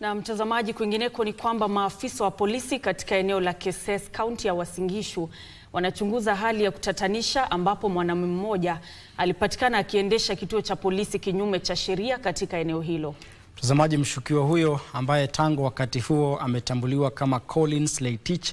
Na mtazamaji, kwingineko ni kwamba maafisa wa polisi katika eneo la Keses, kaunti ya Uasin Gishu wanachunguza hali ya kutatanisha ambapo mwanamume mmoja alipatikana akiendesha kituo cha polisi kinyume cha sheria katika eneo hilo. Mtazamaji, mshukiwa huyo ambaye tangu wakati huo ametambuliwa kama Collins Leitich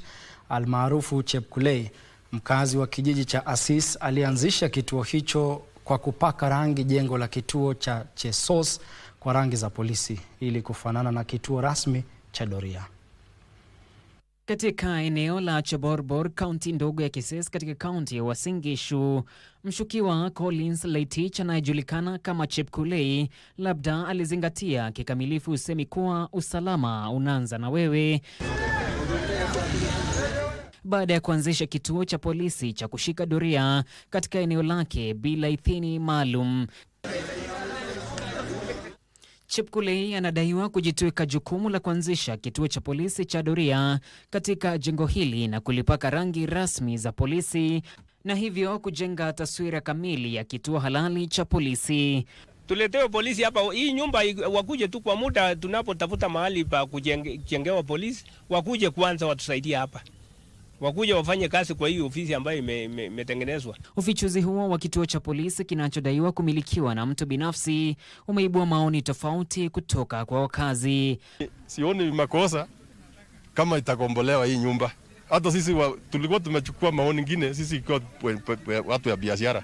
almaarufu Chepkulei, mkazi wa kijiji cha Asis, alianzisha kituo hicho kwa kupaka rangi jengo la kituo cha Chesos wa rangi za polisi ili kufanana na kituo rasmi cha doria. Katika eneo la Chaborbor, kaunti ndogo ya Kises katika kaunti ya Uasin Gishu, mshukiwa Collins Leitich anayejulikana kama Chepkulei labda alizingatia kikamilifu usemi kuwa usalama unaanza na wewe baada ya kuanzisha kituo cha polisi cha kushika doria katika eneo lake bila idhini maalum. Chepkulei anadaiwa kujitwika jukumu la kuanzisha kituo cha polisi cha doria katika jengo hili na kulipaka rangi rasmi za polisi na hivyo kujenga taswira kamili ya kituo halali cha polisi. Tuletewe polisi hapa, hii nyumba wakuje tu kwa muda, tunapotafuta mahali pa kujengewa polisi, wakuje kwanza watusaidie hapa wakuja wafanye kazi kwa hii ofisi ambayo imetengenezwa. Me, me, ufichuzi huo wa kituo cha polisi kinachodaiwa kumilikiwa na mtu binafsi umeibua maoni tofauti kutoka kwa wakazi. Sioni makosa kama itakombolewa hii nyumba. Hata sisi wa, tulikuwa tumechukua maoni ngine sisi ikiwa watu ya biashara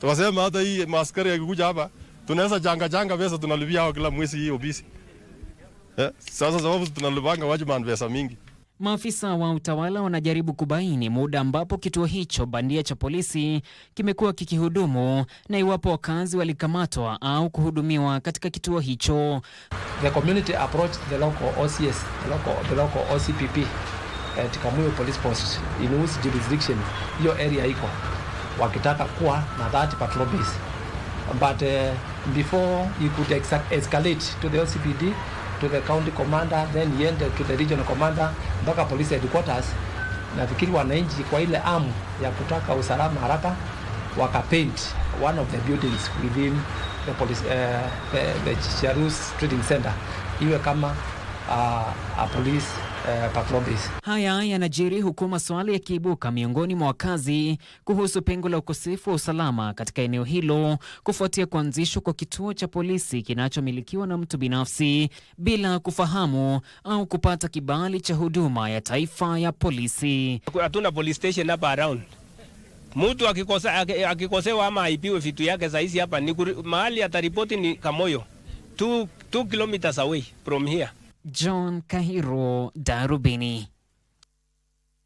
tukasema hata hii maaskari yakikuja hapa tunaweza janga janga pesa tunalipia hao kila mwezi hii ofisi. eh? Sasa sababu tunalipanga wajumani pesa mingi Maafisa wa utawala wanajaribu kubaini muda ambapo kituo hicho bandia cha polisi kimekuwa kikihudumu na iwapo wakazi walikamatwa au kuhudumiwa katika kituo hicho. The community approached the local OCS, the local, the local OCPP at eh, Kamuyu Police Post in whose jurisdiction hiyo area iko wakitaka kuwa na that patrol base. But uh, before you could escalate to the OCPD to the county commander then iende to the regional commander mpaka police headquarters. Nafikiri wananchi kwa ile amu ya kutaka usalama haraka wakapaint one of the buildings within the police, uh, the, the Charus Trading Center iwe kama uh, a police Uh, haya yanajiri huku maswali yakiibuka miongoni mwa wakazi kuhusu pengo la ukosefu wa usalama katika eneo hilo kufuatia kuanzishwa kwa kituo cha polisi kinachomilikiwa na mtu binafsi bila kufahamu au kupata kibali cha huduma ya taifa ya polisi. Hatuna police station hapa around. Mtu akikosa, akikosewa ama aipiwe vitu yake saizi hapa ni mahali ataripoti ni Kamoyo. 2 kilometers away from here. John Kahiro, Darubini.